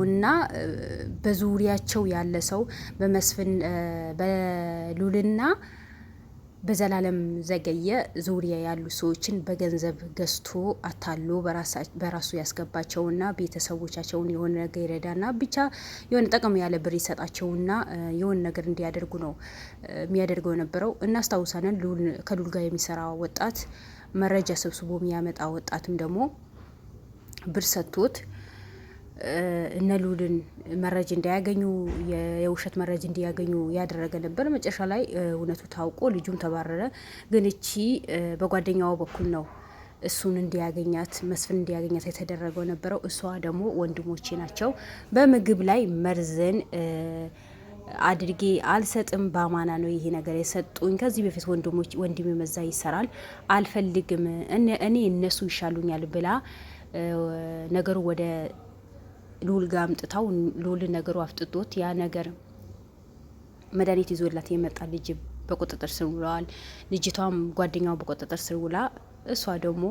ሰውና በዙሪያቸው ያለ ሰው በመስፍን በሉልና በዘላለም ዘገየ ዙሪያ ያሉ ሰዎችን በገንዘብ ገዝቶ አታሎ በራሱ ያስገባቸውና ቤተሰቦቻቸውን የሆነ ነገር ይረዳና ብቻ የሆነ ጠቀም ያለ ብር ይሰጣቸውና የሆነ ነገር እንዲያደርጉ ነው የሚያደርገው የነበረው። እናስታውሳለን። ከሉል ጋር የሚሰራ ወጣት መረጃ ሰብስቦ የሚያመጣ ወጣትም ደግሞ ብር ሰጥቶት እነ ሉልን መረጃ እንዳያገኙ የውሸት መረጃ እንዲያገኙ ያደረገ ነበር። መጨረሻ ላይ እውነቱ ታውቆ ልጁም ተባረረ። ግን እቺ በጓደኛዋ በኩል ነው እሱን እንዲያገኛት መስፍን እንዲያገኛት የተደረገው ነበረው። እሷ ደግሞ ወንድሞቼ ናቸው በምግብ ላይ መርዘን አድርጌ አልሰጥም። በአማና ነው ይሄ ነገር የሰጡኝ። ከዚህ በፊት ወንድሞች ወንድሜ መዛ ይሰራል አልፈልግም፣ እኔ እነሱ ይሻሉኛል ብላ ነገሩ ወደ ልዑል አምጥታው ሉል ነገሩ አፍጥጦት ያ ነገር መድኃኒት ይዞላት የመጣ ልጅ በቁጥጥር ስር ውለዋል። ልጅቷም ጓደኛው በቁጥጥር ስር ውላ እሷ ደግሞ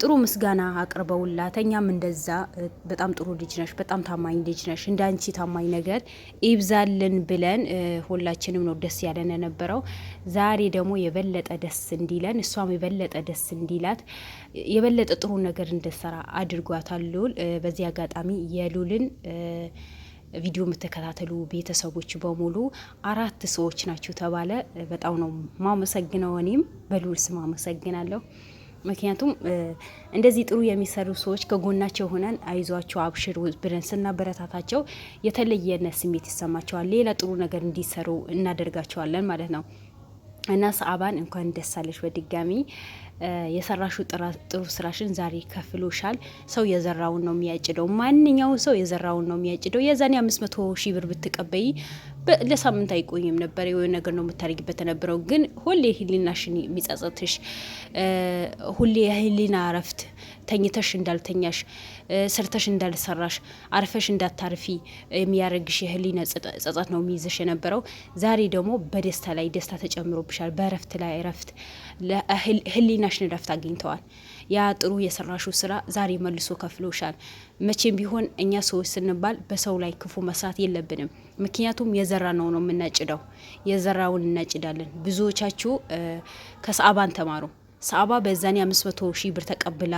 ጥሩ ምስጋና አቅርበውላት እኛም እንደዛ በጣም ጥሩ ልጅ ነሽ፣ በጣም ታማኝ ልጅ ነሽ፣ እንደ አንቺ ታማኝ ነገር ይብዛልን ብለን ሁላችንም ነው ደስ ያለን የነበረው። ዛሬ ደግሞ የበለጠ ደስ እንዲለን እሷም የበለጠ ደስ እንዲላት የበለጠ ጥሩ ነገር እንደሰራ አድርጓታል ሉል። በዚህ አጋጣሚ የሉልን ቪዲዮ የምትከታተሉ ቤተሰቦች በሙሉ አራት ሰዎች ናቸው ተባለ። በጣም ነው ማመሰግነው። እኔም በሉል ስም አመሰግናለሁ። ምክንያቱም እንደዚህ ጥሩ የሚሰሩ ሰዎች ከጎናቸው ሆነን አይዟቸው አብሽር ብለን ስናበረታታቸው የተለየነ ስሜት ይሰማቸዋል። ሌላ ጥሩ ነገር እንዲሰሩ እናደርጋቸዋለን ማለት ነው እና ሰአባን እንኳን ደስ አለሽ በድጋሚ የሰራሹ ጥሩ ስራሽን ዛሬ ከፍሎሻል። ሰው የዘራውን ነው የሚያጭደው። ማንኛውም ሰው የዘራውን ነው የሚያጭደው። የዛኔ አምስት መቶ ሺህ ብር ብትቀበይ ለሳምንት አይቆይም ነበር። የሆነ ነገር ነው የምታደርጊበት የነበረው፣ ግን ሁሌ ህሊናሽን የሚጸጸትሽ ሁሌ የህሊና እረፍት ተኝተሽ እንዳልተኛሽ፣ ሰርተሽ እንዳልሰራሽ፣ አርፈሽ እንዳታርፊ የሚያደርግሽ የህሊና ጸጸት ነው የሚይዝሽ የነበረው። ዛሬ ደግሞ በደስታ ላይ ደስታ ተጨምሮብሻል፣ በእረፍት ላይ እረፍት፣ ህሊናሽን እረፍት አግኝተዋል። ያ ጥሩ የሰራሹ ስራ ዛሬ መልሶ ከፍሎሻል። መቼም ቢሆን እኛ ሰዎች ስንባል በሰው ላይ ክፉ መስራት የለብንም። ምክንያቱም የዘራ ነው ነው የምናጭደው፣ የዘራውን እናጭዳለን። ብዙዎቻችሁ ከሰአባን ተማሩ። ሰአባ በዛኔ አምስት መቶ ሺህ ብር ተቀብላ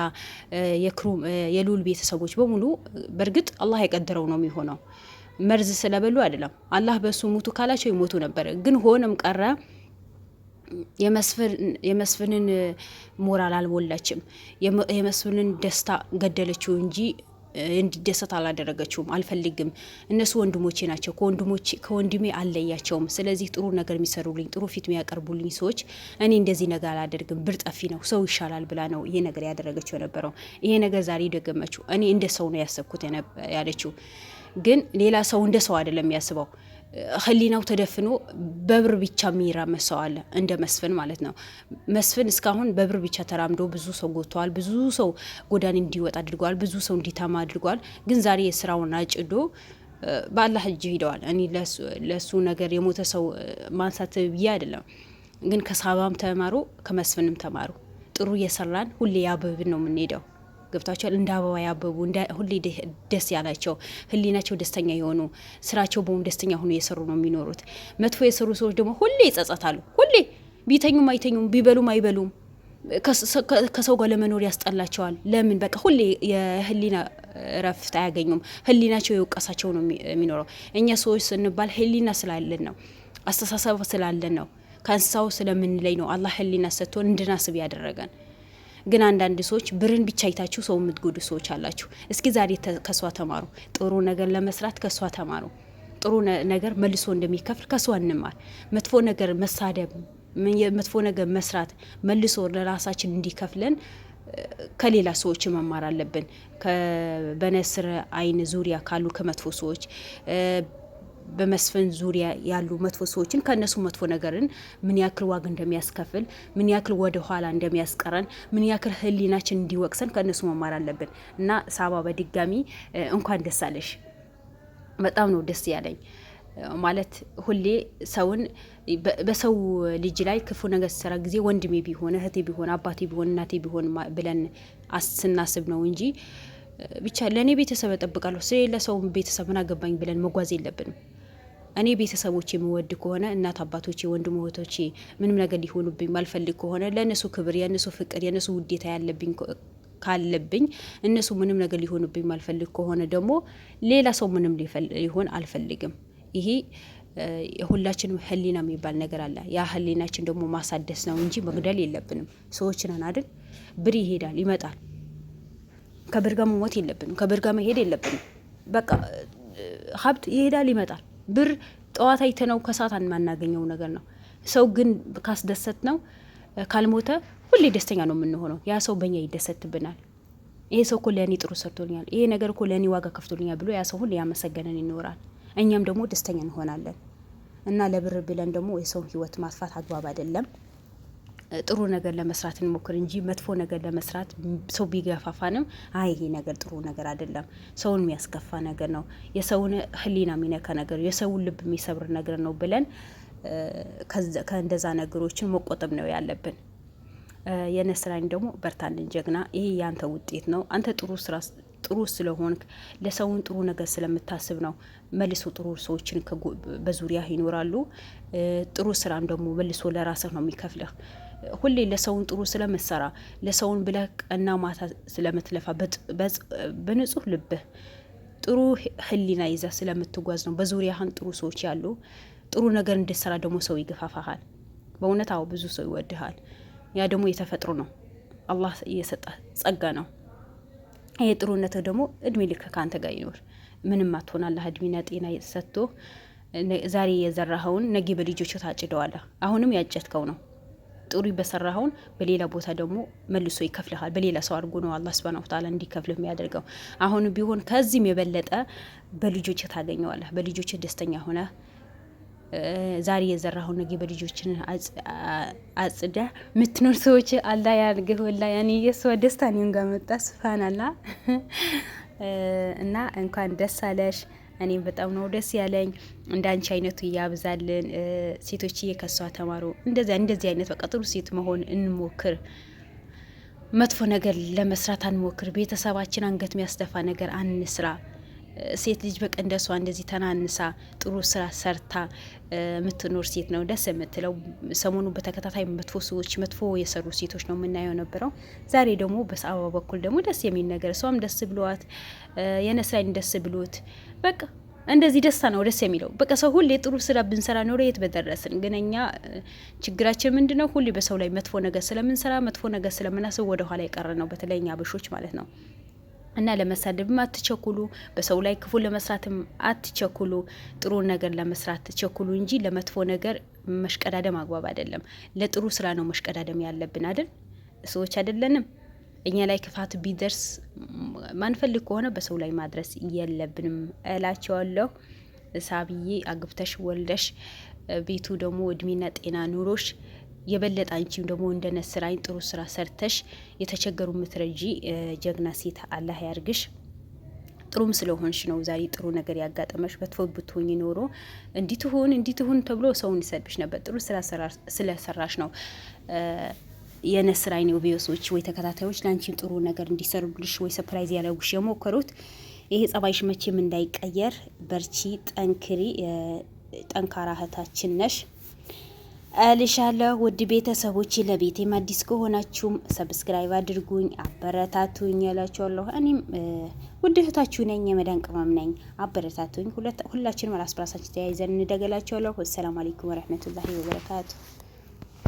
የሉል ቤተሰቦች በሙሉ በእርግጥ አላህ የቀደረው ነው የሚሆነው። መርዝ ስለበሉ አይደለም። አላህ በእሱ ሙቱ ካላቸው ይሞቱ ነበር። ግን ሆነም ቀረ የመስፍንን ሞራል አልሞላችም። የመስፍንን ደስታ ገደለችው እንጂ እንዲደሰት አላደረገችውም። አልፈልግም፣ እነሱ ወንድሞቼ ናቸው፣ ከወንድሜ አለያቸውም ስለዚህ ጥሩ ነገር የሚሰሩልኝ ጥሩ ፊት የሚያቀርቡልኝ ሰዎች እኔ እንደዚህ ነገር አላደርግም፣ ብር ጠፊ ነው፣ ሰው ይሻላል ብላ ነው ይሄ ነገር ያደረገችው የነበረው። ይሄ ነገር ዛሬ ደገመችው። እኔ እንደ ሰው ነው ያሰብኩት ያለችው፣ ግን ሌላ ሰው እንደ ሰው አይደለም ያስበው ህሊናው ተደፍኖ በብር ብቻ የሚራመድ ሰው አለ፣ እንደ መስፍን ማለት ነው። መስፍን እስካሁን በብር ብቻ ተራምዶ ብዙ ሰው ጎተዋል ብዙ ሰው ጎዳኔ እንዲወጣ አድርጓል፣ ብዙ ሰው እንዲታማ አድርጓል። ግን ዛሬ የስራውን አጭዶ በአላህ እጅ ሂደዋል። እኔ ለሱ ነገር የሞተ ሰው ማንሳት ብዬ አይደለም፣ ግን ከሳባም ተማሩ፣ ከመስፍንም ተማሩ። ጥሩ እየሰራን ሁሌ ያብብን ነው የምንሄደው። ገብቷቸዋል። እንደ አበባ ያበቡ ሁሌ ደስ ያላቸው ህሊናቸው ደስተኛ የሆኑ ስራቸው በሆኑ ደስተኛ ሆኖ የሰሩ ነው የሚኖሩት። መጥፎ የሰሩ ሰዎች ደግሞ ሁሌ ይጸጸታሉ። ሁሌ ቢተኙም አይተኙም ቢበሉም አይበሉም ከሰው ጋር ለመኖር ያስጠላቸዋል። ለምን በቃ ሁሌ የህሊና እረፍት አያገኙም። ህሊናቸው የውቀሳቸው ነው የሚኖረው። እኛ ሰዎች ስንባል ህሊና ስላለን ነው፣ አስተሳሰብ ስላለን ነው፣ ከእንስሳው ስለምንለይ ነው አላህ ህሊና ሰጥቶን እንድናስብ ያደረገን። ግን አንዳንድ ሰዎች ብርን ብቻ አይታችሁ ሰው የምትጎዱ ሰዎች አላችሁ። እስኪ ዛሬ ከሷ ተማሩ። ጥሩ ነገር ለመስራት ከሷ ተማሩ። ጥሩ ነገር መልሶ እንደሚከፍል ከሷ እንማር። መጥፎ ነገር መሳደብ፣ መጥፎ ነገር መስራት መልሶ ለራሳችን እንዲከፍለን ከሌላ ሰዎች መማር አለብን። በነስር አይን ዙሪያ ካሉ ከመጥፎ ሰዎች በመስፈን ዙሪያ ያሉ መጥፎ ሰዎችን ከእነሱ መጥፎ ነገርን ምን ያክል ዋጋ እንደሚያስከፍል ምን ያክል ወደ ኋላ እንደሚያስቀረን ምን ያክል ህሊናችን እንዲወቅሰን ከእነሱ መማር አለብን እና ሳባ በድጋሚ እንኳን ደስ አለሽ። በጣም ነው ደስ ያለኝ። ማለት ሁሌ ሰውን በሰው ልጅ ላይ ክፉ ነገር ሲሰራ ጊዜ ወንድሜ ቢሆን እህቴ ቢሆን አባቴ ቢሆን እናቴ ቢሆን ብለን ስናስብ ነው እንጂ ብቻ ለእኔ ቤተሰብ እጠብቃለሁ። ስለሌላ ሰው ቤተሰብ ምን አገባኝ ብለን መጓዝ የለብንም። እኔ ቤተሰቦች የምወድ ከሆነ እናት አባቶቼ፣ ወንድም እህቶቼ ምንም ነገር ሊሆኑብኝ ማልፈልግ ከሆነ ለእነሱ ክብር፣ የእነሱ ፍቅር፣ የእነሱ ውዴታ ያለብኝ ካለብኝ እነሱ ምንም ነገር ሊሆኑብኝ ማልፈልግ ከሆነ ደግሞ ሌላ ሰው ምንም ሊሆን አልፈልግም። ይሄ ሁላችንም ህሊና የሚባል ነገር አለ። ያ ህሊናችን ደግሞ ማሳደስ ነው እንጂ መግደል የለብንም። ሰዎችን አይደል ብር ይሄዳል ይመጣል ከብር ጋር መሞት የለብንም። ከብር ጋር መሄድ የለብንም። በቃ ሀብት ይሄዳል ይመጣል። ብር ጠዋት አይተነው ከሰዓት የማናገኘው ነገር ነው። ሰው ግን ካስደሰት ነው ካልሞተ ሁሌ ደስተኛ ነው የምንሆነው። ያ ሰው በኛ ይደሰትብናል። ይሄ ሰው እኮ ለእኔ ጥሩ ሰርቶልኛል፣ ይሄ ነገር እኮ ለእኔ ዋጋ ከፍቶልኛል ብሎ ያ ሰው ሁሌ ያመሰገነን ይኖራል። እኛም ደግሞ ደስተኛ እንሆናለን። እና ለብር ብለን ደግሞ የሰውን ህይወት ማጥፋት አግባብ አይደለም። ጥሩ ነገር ለመስራት እንሞክር እንጂ መጥፎ ነገር ለመስራት ሰው ቢገፋፋንም አይ ይሄ ነገር ጥሩ ነገር አይደለም፣ ሰውን የሚያስከፋ ነገር ነው፣ የሰውን ሕሊና የሚነካ ነገር፣ የሰውን ልብ የሚሰብር ነገር ነው ብለን ከእንደዛ ነገሮችን መቆጠብ ነው ያለብን። የነስራኝ ደግሞ በርታልን ጀግና፣ ይሄ ያንተ ውጤት ነው። አንተ ጥሩ ስራ ጥሩ ስለሆንክ ለሰውን ጥሩ ነገር ስለምታስብ ነው መልሶ ጥሩ ሰዎችን በዙሪያ ይኖራሉ። ጥሩ ስራም ደግሞ መልሶ ለራስህ ነው የሚከፍልህ። ሁሌ ለሰውን ጥሩ ስለምትሰራ ለሰውን ብለህ ቀና ማታ ስለምትለፋ በንጹህ ልብህ ጥሩ ህሊና ይዘህ ስለምትጓዝ ነው በዙሪያህን ጥሩ ሰዎች ያሉ ጥሩ ነገር እንድትሰራ ደግሞ ሰው ይገፋፋሃል። በእውነት አዎ፣ ብዙ ሰው ይወድሃል። ያ ደግሞ የተፈጥሮ ነው፣ አላህ እየሰጠ ጸጋ ነው። ይሄ ጥሩነትህ ደግሞ እድሜ ልክ ከአንተ ጋር ይኖር። ምንም አትሆናለህ። እድሜና ጤና ሰጥቶ ዛሬ የዘራኸውን ነገ በልጆች ታጭደዋለህ። አሁንም ያጨትከው ነው ጥሩ በሰራኸውን በሌላ ቦታ ደግሞ መልሶ ይከፍልሃል። በሌላ ሰው አድርጎ ነው አላህ ሱብሃነሁ ወተዓላ እንዲከፍልህ የሚያደርገው። አሁን ቢሆን ከዚህም የበለጠ በልጆች ታገኘዋለህ። በልጆች ደስተኛ ሆነ ዛሬ የዘራኸውን ነገ በልጆችን አጽዳ ምትኖር ሰዎች አላህ ያድርግህ። ወላ ያኔ የእሷ ደስታ እኔም ጋር መጣ። ስፋናላ እና እንኳን ደስ አለሽ። እኔም በጣም ነው ደስ ያለኝ። እንዳንቺ አይነቱ እያብዛልን ሴቶች እየከሷ ተማሩ። እንደዚያ እንደዚህ አይነት በቃ ጥሩ ሴት መሆን እንሞክር። መጥፎ ነገር ለመስራት አንሞክር። ቤተሰባችን አንገት የሚያስደፋ ነገር አንስራ። ሴት ልጅ በቃ እንደሷ እንደዚህ ተናንሳ ጥሩ ስራ ሰርታ የምትኖር ሴት ነው ደስ የምትለው። ሰሞኑ በተከታታይ መጥፎ ሰዎች መጥፎ የሰሩ ሴቶች ነው የምናየው ነበረው። ዛሬ ደግሞ በሰአባ በኩል ደግሞ ደስ የሚል ነገር እሷም ደስ ብሏት የነስራይን ደስ ብሎት በቃ እንደዚህ ደስታ ነው ደስ የሚለው። በቃ ሰው ሁሌ ጥሩ ስራ ብንሰራ ኖሮ የት በደረስን። ግን እኛ ችግራችን ምንድን ነው? ሁሌ በሰው ላይ መጥፎ ነገር ስለምንሰራ መጥፎ ነገር ስለምናስብ ወደኋላ የቀረ ነው፣ በተለይ እኛ አበሾች ማለት ነው። እና ለመሳደብም አትቸኩሉ። በሰው ላይ ክፉ ለመስራትም አትቸኩሉ። ጥሩ ነገር ለመስራት ትቸኩሉ እንጂ ለመጥፎ ነገር መሽቀዳደም አግባብ አይደለም። ለጥሩ ስራ ነው መሽቀዳደም ያለብን አይደል? ሰዎች አይደለንም። እኛ ላይ ክፋት ቢደርስ ማንፈልግ ከሆነ በሰው ላይ ማድረስ የለብንም እላቸዋለሁ። ሳብዬ አግብተሽ ወልደሽ ቤቱ ደግሞ እድሜና ጤና ኑሮሽ የበለጠ አንቺም ደግሞ እንደ ነስር ጥሩ ስራ ሰርተሽ የተቸገሩ ምትረጂ ጀግና ሴት አላህ ያርግሽ። ጥሩም ስለሆንሽ ነው ዛሬ ጥሩ ነገር ያጋጠመሽ። በትፎ ብትሆኝ ኖሮ እንዲትሆን እንዲትሆን ተብሎ ሰውን ይሰድብሽ ነበር። ጥሩ ስለሰራሽ ነው የነስር አይን ኦቢዮሶች ወይ ተከታታዮች ለአንቺም ጥሩ ነገር እንዲሰሩልሽ ወይ ሰፕራይዝ ያደረጉሽ የሞከሩት። ይሄ ጸባይሽ መቼም እንዳይቀየር፣ በርቺ፣ ጠንክሪ። ጠንካራ እህታችን ነሽ። ልሻለሁ ውድ ቤተሰቦች፣ ለቤቴም አዲስ ከሆናችሁም ሰብስክራይብ አድርጉኝ፣ አበረታቱኝ ያላችኋለሁ። እኔም ውድ እህታችሁ ነኝ፣ የመዳን ቅመም ነኝ። አበረታቱኝ። ሁላችንም ራስ በራሳችን ተያይዘን እንደገላችኋለሁ። ሰላም አሌይኩም ወረህመቱላሂ ወበረካቱ